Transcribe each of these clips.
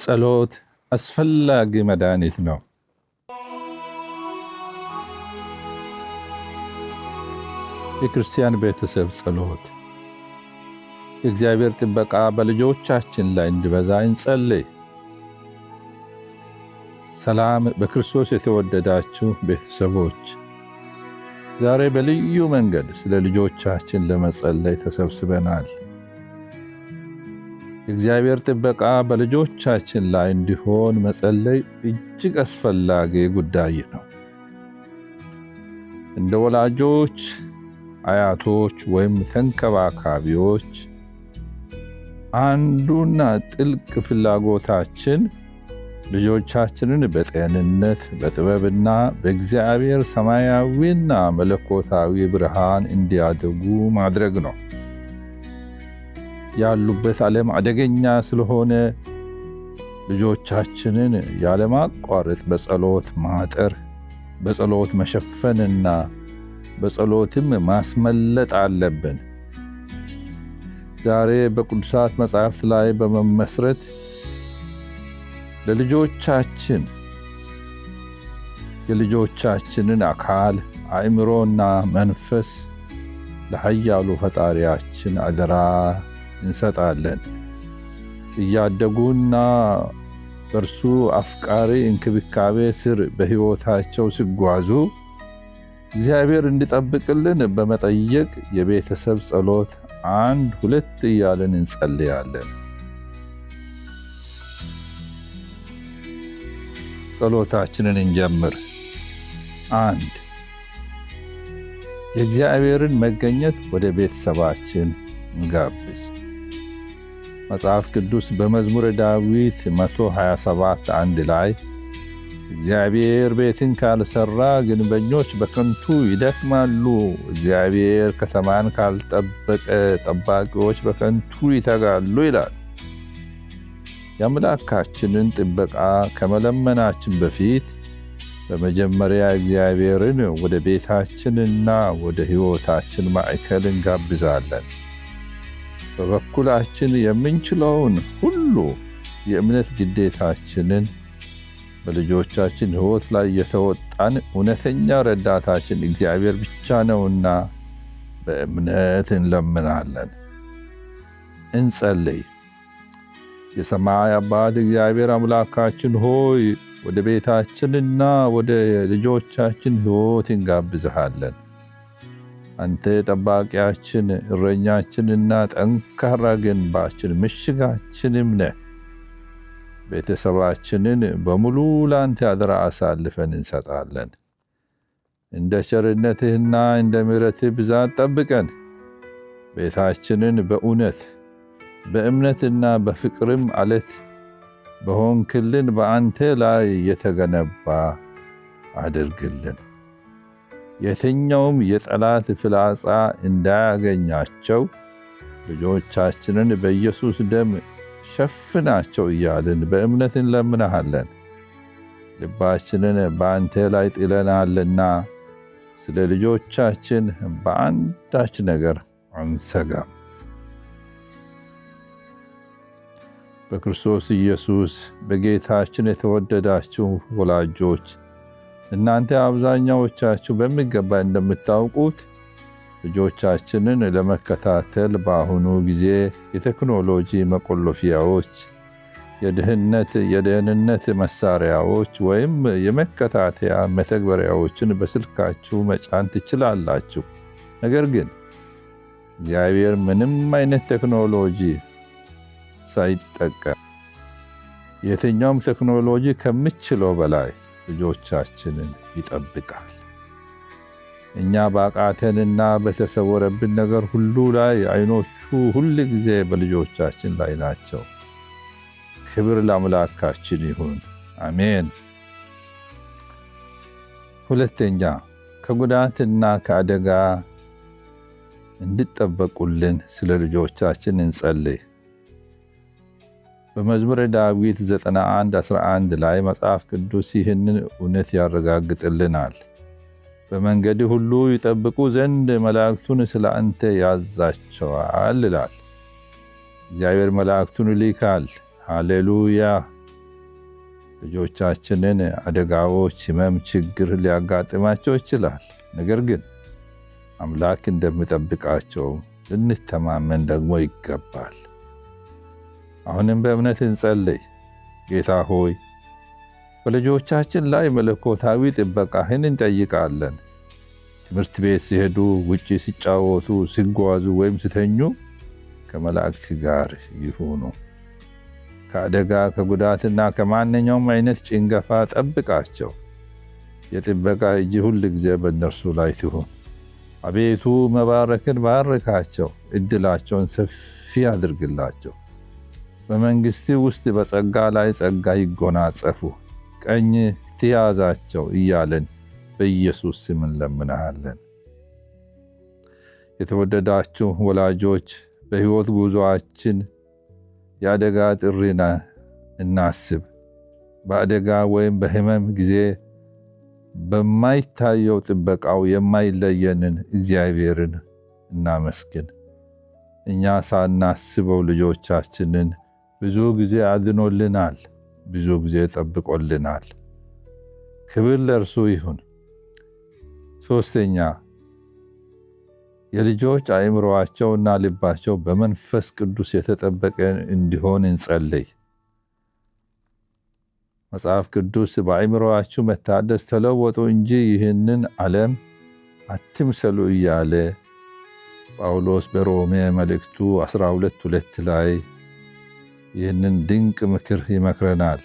ጸሎት አስፈላጊ መድኃኒት ነው። የክርስቲያን ቤተሰብ ጸሎት የእግዚአብሔር ጥበቃ በልጆቻችን ላይ እንዲበዛ እንጸልይ። ሰላም በክርስቶስ የተወደዳችሁ ቤተሰቦች ዛሬ በልዩ መንገድ ስለ ልጆቻችን ለመጸለይ ተሰብስበናል። እግዚአብሔር ጥበቃ በልጆቻችን ላይ እንዲሆን መጸለይ እጅግ አስፈላጊ ጉዳይ ነው። እንደ ወላጆች፣ አያቶች ወይም ተንከባካቢዎች አንዱና ጥልቅ ፍላጎታችን ልጆቻችንን በጤንነት በጥበብና በእግዚአብሔር ሰማያዊና መለኮታዊ ብርሃን እንዲያደጉ ማድረግ ነው። ያሉበት ዓለም አደገኛ ስለሆነ ልጆቻችንን ያለማቋረጥ በጸሎት ማጠር፣ በጸሎት መሸፈንና በጸሎትም ማስመለጥ አለብን። ዛሬ በቅዱሳት መጻሕፍት ላይ በመመስረት ለልጆቻችን የልጆቻችንን አካል አእምሮና መንፈስ ለኃያሉ ፈጣሪያችን አደራ እንሰጣለን። እያደጉና በርሱ አፍቃሪ እንክብካቤ ስር በሕይወታቸው ሲጓዙ እግዚአብሔር እንዲጠብቅልን በመጠየቅ የቤተሰብ ጸሎት አንድ ሁለት እያለን እንጸልያለን። ጸሎታችንን እንጀምር። አንድ የእግዚአብሔርን መገኘት ወደ ቤተሰባችን እንጋብዝ። መጽሐፍ ቅዱስ በመዝሙረ ዳዊት 127 አንድ ላይ እግዚአብሔር ቤትን ካልሰራ ግንበኞች በከንቱ ይደክማሉ፣ እግዚአብሔር ከተማን ካልጠበቀ ጠባቂዎች በከንቱ ይተጋሉ ይላል። የአምላካችንን ጥበቃ ከመለመናችን በፊት በመጀመሪያ እግዚአብሔርን ወደ ቤታችንና ወደ ሕይወታችን ማዕከል እንጋብዛለን። በበኩላችን የምንችለውን ሁሉ የእምነት ግዴታችንን በልጆቻችን ሕይወት ላይ የተወጣን እውነተኛ ረዳታችን እግዚአብሔር ብቻ ነውና በእምነት እንለምናለን። እንጸልይ። የሰማይ አባት እግዚአብሔር አምላካችን ሆይ ወደ ቤታችንና ወደ ልጆቻችን ሕይወት እንጋብዝሃለን። አንተ ጠባቂያችን፣ እረኛችንና ጠንካራ ግንባችን ምሽጋችንም ነህ። ቤተሰባችንን በሙሉ ላንተ አደራ አሳልፈን እንሰጣለን። እንደ ቸርነትህና እንደ ምሕረትህ ብዛት ጠብቀን ቤታችንን በእውነት በእምነትና በፍቅርም አለት በሆንክልን በአንተ ላይ የተገነባ አድርግልን። የትኛውም የጠላት ፍላጻ እንዳያገኛቸው ልጆቻችንን በኢየሱስ ደም ሸፍናቸው እያልን በእምነት እንለምናሃለን። ልባችንን በአንተ ላይ ጥለናልና ስለ ልጆቻችን በአንዳች ነገር አንሰጋም። በክርስቶስ ኢየሱስ በጌታችን የተወደዳችሁ ወላጆች እናንተ አብዛኛዎቻችሁ በሚገባ እንደምታውቁት ልጆቻችንን ለመከታተል በአሁኑ ጊዜ የቴክኖሎጂ መቆለፊያዎች፣ የድህነት የደህንነት መሳሪያዎች ወይም የመከታተያ መተግበሪያዎችን በስልካችሁ መጫን ትችላላችሁ። ነገር ግን እግዚአብሔር ምንም አይነት ቴክኖሎጂ ሳይጠቀም የትኛውም ቴክኖሎጂ ከምችለው በላይ ልጆቻችንን ይጠብቃል። እኛ በአቃተንና በተሰወረብን ነገር ሁሉ ላይ አይኖቹ ሁል ጊዜ በልጆቻችን ላይ ናቸው። ክብር ለአምላካችን ይሁን፣ አሜን። ሁለተኛ ከጉዳትና ከአደጋ እንዲጠበቁልን ስለ ልጆቻችን እንጸልይ። በመዝሙረ ዳዊት 91 11 ላይ መጽሐፍ ቅዱስ ይህንን እውነት ያረጋግጥልናል። በመንገድ ሁሉ ይጠብቁ ዘንድ መላእክቱን ስለ አንተ ያዛቸዋል ይላል። እግዚአብሔር መላእክቱን ይልካል። ሃሌሉያ! ልጆቻችንን አደጋዎች፣ ህመም ችግር ሊያጋጥማቸው ይችላል። ነገር ግን አምላክ እንደሚጠብቃቸው ልንተማመን ደግሞ ይገባል። አሁንም በእምነት እንጸልይ። ጌታ ሆይ በልጆቻችን ላይ መለኮታዊ ጥበቃህን እንጠይቃለን። ትምህርት ቤት ሲሄዱ፣ ውጪ ሲጫወቱ፣ ሲጓዙ ወይም ሲተኙ ከመላእክት ጋር ይሁኑ። ከአደጋ ከጉዳትና ከማንኛውም አይነት ጭንገፋ ጠብቃቸው። የጥበቃ እጅ ሁል ጊዜ በእነርሱ ላይ ትሁን። አቤቱ መባረክን ባርካቸው፣ እድላቸውን ሰፊ አድርግላቸው። በመንግስት ውስጥ በጸጋ ላይ ጸጋ ይጎናጸፉ፣ ቀኝ ትያዛቸው እያለን በኢየሱስ ስም እንለምናሃለን። የተወደዳችሁ ወላጆች በሕይወት ጉዞአችን የአደጋ ጥሪና እናስብ። በአደጋ ወይም በህመም ጊዜ በማይታየው ጥበቃው የማይለየንን እግዚአብሔርን እናመስግን። እኛ ሳናስበው ልጆቻችንን ብዙ ጊዜ አድኖልናል፣ ብዙ ጊዜ ጠብቆልናል። ክብር ለእርሱ ይሁን። ሶስተኛ የልጆች እና ልባቸው በመንፈስ ቅዱስ የተጠበቀ እንዲሆን እንጸልይ። መጽሐፍ ቅዱስ በአእምሮአችሁ መታደስ ተለወጡ እንጂ ይህንን ዓለም አትምሰሉ እያለ ጳውሎስ በሮሜ መልእክቱ 12 ሁለት ላይ ይህንን ድንቅ ምክር ይመክረናል።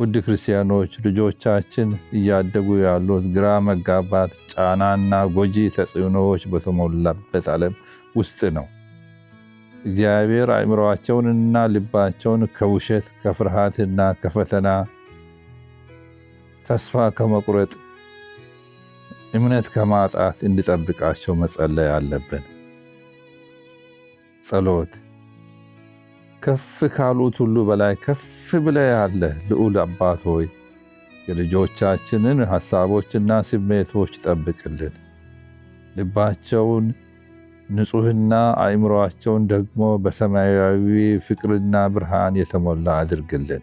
ውድ ክርስቲያኖች፣ ልጆቻችን እያደጉ ያሉት ግራ መጋባት፣ ጫናና ጎጂ ተጽዕኖዎች በተሞላበት ዓለም ውስጥ ነው። እግዚአብሔር አእምሮአቸውንና ልባቸውን ከውሸት ከፍርሃትና ከፈተና ተስፋ ከመቁረጥ እምነት ከማጣት እንዲጠብቃቸው መጸለይ አለብን። ጸሎት ከፍ ካሉት ሁሉ በላይ ከፍ ብለ ያለ ልዑል አባት ሆይ የልጆቻችንን ሐሳቦችና ስሜቶች ጠብቅልን። ልባቸውን ንጹሕና አእምሮአቸውን ደግሞ በሰማያዊ ፍቅርና ብርሃን የተሞላ አድርግልን።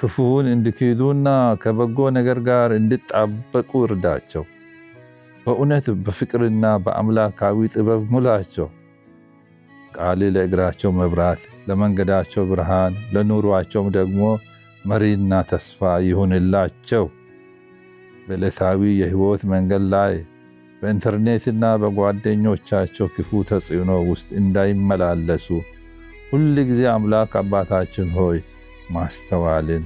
ክፉውን እንዲክዱና ከበጎ ነገር ጋር እንዲጣበቁ እርዳቸው። በእውነት በፍቅርና በአምላካዊ ጥበብ ሙላቸው። ቃል ለእግራቸው መብራት፣ ለመንገዳቸው ብርሃን፣ ለኑሯቸውም ደግሞ መሪና ተስፋ ይሁንላቸው። በዕለታዊ የህይወት መንገድ ላይ በኢንተርኔትና በጓደኞቻቸው ክፉ ተጽዕኖ ውስጥ እንዳይመላለሱ ሁል ጊዜ አምላክ አባታችን ሆይ ማስተዋልን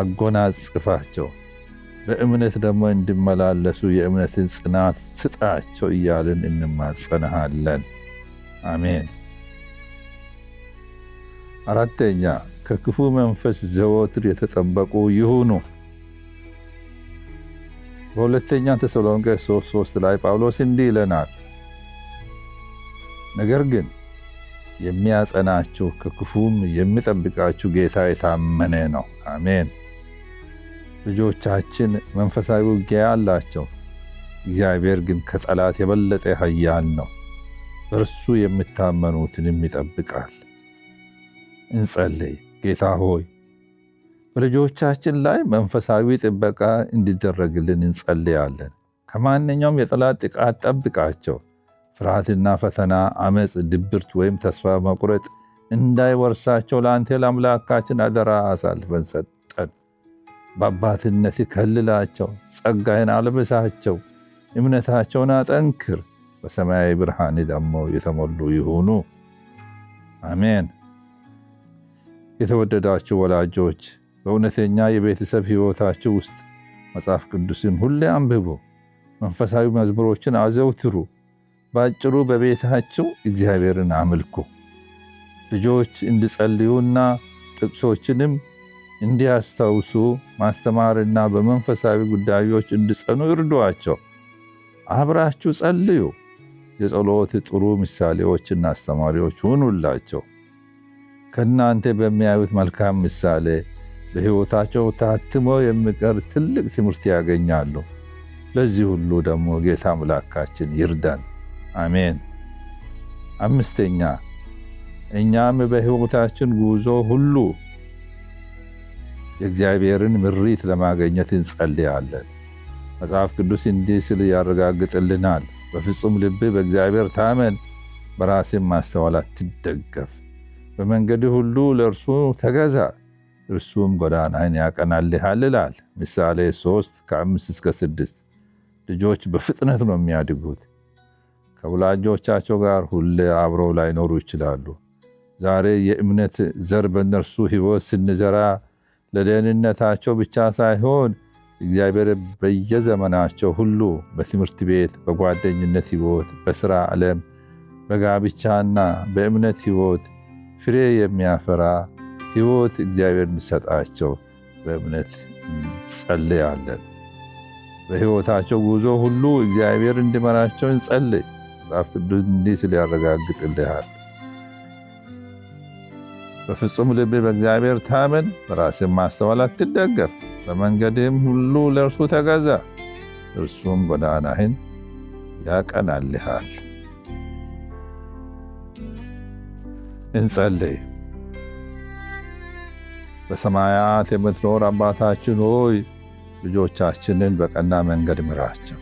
አጎናጽፋቸው፣ በእምነት ደግሞ እንዲመላለሱ የእምነትን ጽናት ስጣቸው እያልን እንማጸንሃለን። አሜን። አራተኛ ከክፉ መንፈስ ዘወትር የተጠበቁ ይሁኑ። በሁለተኛ ተሰሎንቄ 3 ላይ ጳውሎስ እንዲህ ይለናል፣ ነገር ግን የሚያጸናችሁ ከክፉም የሚጠብቃችሁ ጌታ የታመነ ነው። አሜን። ልጆቻችን መንፈሳዊ ውጊያ አላቸው። እግዚአብሔር ግን ከጠላት የበለጠ ኃያል ነው። በእርሱ የምታመኑትንም ይጠብቃል። እንጸልይ። ጌታ ሆይ በልጆቻችን ላይ መንፈሳዊ ጥበቃ እንዲደረግልን እንጸልያለን። ከማንኛውም የጠላት ጥቃት ጠብቃቸው። ፍርሃትና ፈተና፣ አመፅ፣ ድብርት ወይም ተስፋ መቁረጥ እንዳይወርሳቸው ለአንተ ለአምላካችን አደራ አሳልፈን ሰጠን። በአባትነት ከልላቸው፣ ጸጋይን አልብሳቸው፣ እምነታቸውን አጠንክር። በሰማያዊ ብርሃን ደግሞ የተሞሉ ይሁኑ። አሜን። የተወደዳችሁ ወላጆች በእውነተኛ የቤተሰብ ሕይወታችሁ ውስጥ መጽሐፍ ቅዱስን ሁሌ አንብቡ፣ መንፈሳዊ መዝሙሮችን አዘውትሩ። በአጭሩ በቤታችሁ እግዚአብሔርን አምልኩ። ልጆች እንዲጸልዩና ጥቅሶችንም እንዲያስታውሱ ማስተማርና በመንፈሳዊ ጉዳዮች እንዲጸኑ ይርዷቸው። አብራችሁ ጸልዩ። የጸሎት ጥሩ ምሳሌዎችና አስተማሪዎች ሁኑላቸው። ከእናንተ በሚያዩት መልካም ምሳሌ በሕይወታቸው ታትሞ የሚቀር ትልቅ ትምህርት ያገኛሉ። ለዚህ ሁሉ ደግሞ ጌታ አምላካችን ይርዳን። አሜን። አምስተኛ እኛም በሕይወታችን ጉዞ ሁሉ የእግዚአብሔርን ምሪት ለማገኘት እንጸልያለን። መጽሐፍ ቅዱስ እንዲህ ሲል ያረጋግጥልናል፣ በፍጹም ልብ በእግዚአብሔር ታመን፣ በራስም ማስተዋል አትደገፍ። በመንገድ ሁሉ ለእርሱ ተገዛ እርሱም ጎዳናህን ያቀናልሃል ይላል። ምሳሌ ሶስት ከአምስት እስከ ስድስት ልጆች በፍጥነት ነው የሚያድጉት። ከወላጆቻቸው ጋር ሁሌ አብረው ላይኖሩ ይችላሉ። ዛሬ የእምነት ዘር በእነርሱ ሕይወት ስንዘራ ለደህንነታቸው ብቻ ሳይሆን እግዚአብሔር በየዘመናቸው ሁሉ በትምህርት ቤት፣ በጓደኝነት ሕይወት፣ በስራ ዓለም፣ በጋብቻና በእምነት ሕይወት ፍሬ የሚያፈራ ሕይወት እግዚአብሔር እንዲሰጣቸው በእምነት እንጸልያለን። በሕይወታቸው ጉዞ ሁሉ እግዚአብሔር እንዲመራቸው እንጸልይ። መጽሐፍ ቅዱስ እንዲህ ሲል ያረጋግጥልሃል። በፍጹም ልብ በእግዚአብሔር ታመን፣ በራስህ ማስተዋል አትደገፍ። በመንገድህም ሁሉ ለእርሱ ተገዛ፣ እርሱም ጎዳናህን ያቀናልሃል። እንጸልይ። በሰማያት የምትኖር አባታችን ሆይ ልጆቻችንን በቀና መንገድ ምራቸው።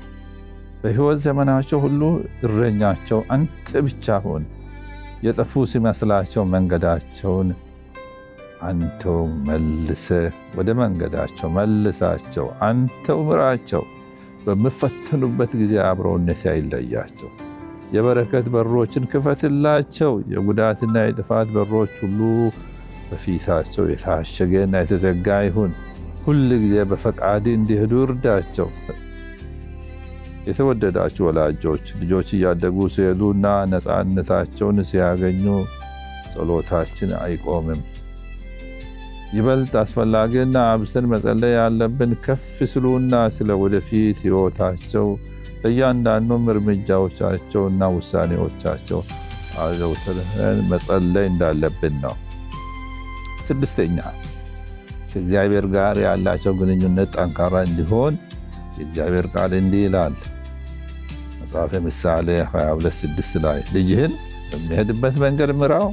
በሕይወት ዘመናቸው ሁሉ እረኛቸው አንተ ብቻ ሆን። የጠፉ ሲመስላቸው መንገዳቸውን አንተው መልሰ ወደ መንገዳቸው መልሳቸው፣ አንተው ምራቸው። በሚፈተኑበት ጊዜ አብሮነት አይለያቸው። የበረከት በሮችን ክፈትላቸው። የጉዳትና የጥፋት በሮች ሁሉ በፊታቸው የታሸገና የተዘጋ ይሁን። ሁል ጊዜ በፈቃድ እንዲሄዱ እርዳቸው። የተወደዳችሁ ወላጆች ልጆች እያደጉ ሲሄዱና ነፃነታቸውን ሲያገኙ ጸሎታችን አይቆምም። ይበልጥ አስፈላጊና አብስተን መጸለይ ያለብን ከፍ ስሉና ስለ ወደፊት ሕይወታቸው በእያንዳንዱም እና ውሳኔዎቻቸው አዘውትረን መጸለይ እንዳለብን ነው። ስድስተኛ ከእግዚአብሔር ጋር ያላቸው ግንኙነት ጠንካራ እንዲሆን የእግዚአብሔር ቃል እንዲህ ይላል። መጽሐፈ ምሳሌ 22፥6 ላይ ልጅህን በሚሄድበት መንገድ ምራው፣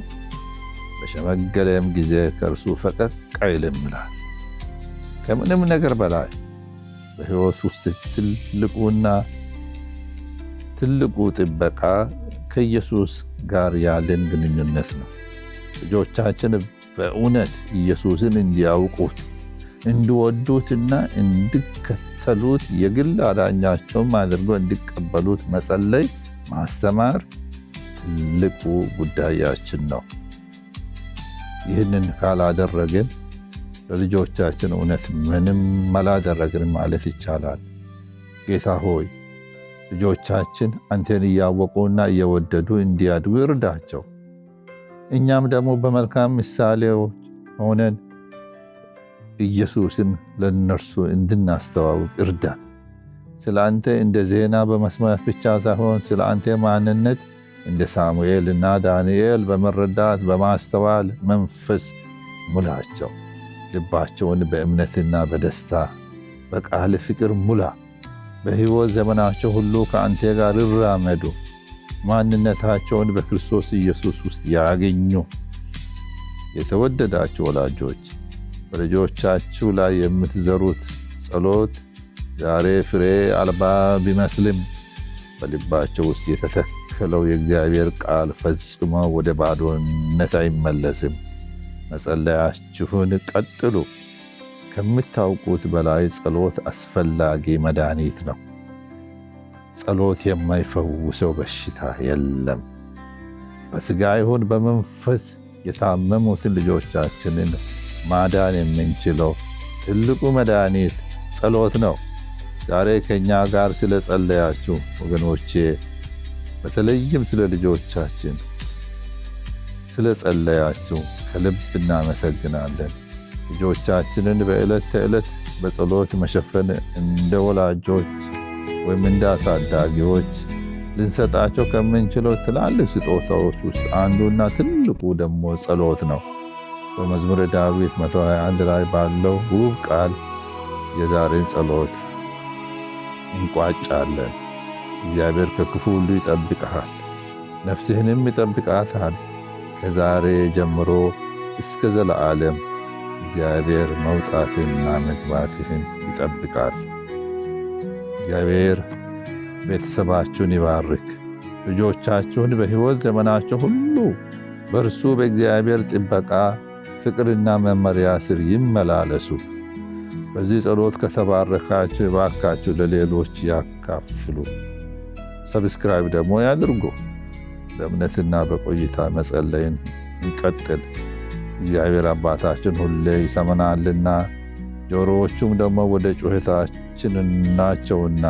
በሸመገለም ጊዜ ከእርሱ ፈቀቅ አይልም ይላል። ከምንም ነገር በላይ በሕይወት ውስጥ ትልቁና ትልቁ ጥበቃ ከኢየሱስ ጋር ያለን ግንኙነት ነው። ልጆቻችን በእውነት ኢየሱስን እንዲያውቁት እንዲወዱትና እንዲከተሉት የግል አዳኛቸውም አድርጎ እንዲቀበሉት መጸለይ፣ ማስተማር ትልቁ ጉዳያችን ነው። ይህንን ካላደረግን ለልጆቻችን እውነት ምንም አላደረግን ማለት ይቻላል። ጌታ ሆይ ልጆቻችን አንተን እያወቁና እየወደዱ እንዲያድጉ ይርዳቸው። እኛም ደግሞ በመልካም ምሳሌዎች ሆነን ኢየሱስን ለነርሱ እንድናስተዋውቅ እርዳ። ስለ አንተ እንደ ዜና በመስማት ብቻ ሳይሆን ስለ አንተ ማንነት እንደ ሳሙኤል እና ዳንኤል በመረዳት በማስተዋል መንፈስ ሙላቸው። ልባቸውን በእምነትና በደስታ በቃል ፍቅር ሙላ። በሕይወት ዘመናቸው ሁሉ ከአንተ ጋር ይራመዱ። ማንነታቸውን በክርስቶስ ኢየሱስ ውስጥ ያገኙ። የተወደዳችሁ ወላጆች በልጆቻችሁ ላይ የምትዘሩት ጸሎት ዛሬ ፍሬ አልባ ቢመስልም በልባቸው ውስጥ የተተከለው የእግዚአብሔር ቃል ፈጽሞ ወደ ባዶነት አይመለስም። መጸለያችሁን ቀጥሉ። ከምታውቁት በላይ ጸሎት አስፈላጊ መድኃኒት ነው። ጸሎት የማይፈውሰው በሽታ የለም። በስጋ ይሁን በመንፈስ የታመሙትን ልጆቻችንን ማዳን የምንችለው ትልቁ መድኃኒት ጸሎት ነው። ዛሬ ከእኛ ጋር ስለ ጸለያችሁ ወገኖቼ፣ በተለይም ስለ ልጆቻችን ስለ ጸለያችሁ ከልብ እናመሰግናለን። ልጆቻችንን በዕለት ተዕለት በጸሎት መሸፈን እንደ ወላጆች ወይም እንደ አሳዳጊዎች ልንሰጣቸው ከምንችለው ትላልቅ ስጦታዎች ውስጥ አንዱና ትልቁ ደግሞ ጸሎት ነው። በመዝሙረ ዳዊት 121 ላይ ባለው ውብ ቃል የዛሬን ጸሎት እንቋጫለን። እግዚአብሔር ከክፉ ሁሉ ይጠብቅሃል፣ ነፍስህንም ይጠብቃታል ከዛሬ ጀምሮ እስከ ዘለዓለም። እግዚአብሔር መውጣትና መግባትህን ይጠብቃል። እግዚአብሔር ቤተሰባችሁን ይባርክ። ልጆቻችሁን በሕይወት ዘመናቸው ሁሉ በእርሱ በእግዚአብሔር ጥበቃ ፍቅርና መመሪያ ስር ይመላለሱ። በዚህ ጸሎት ከተባረካችሁ የባካችሁ ለሌሎች ያካፍሉ። ሰብስክራይብ ደግሞ ያድርጉ። በእምነትና በቆይታ መጸለይን እንቀጥል። እግዚአብሔር አባታችን ሁሌ ይሰመናልና ጆሮዎቹም ደግሞ ወደ ጩኸታችን ናቸውና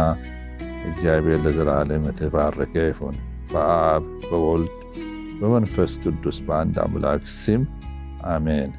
እግዚአብሔር ለዘላለም የተባረከ ይሁን። በአብ በወልድ በመንፈስ ቅዱስ በአንድ አምላክ ስም አሜን።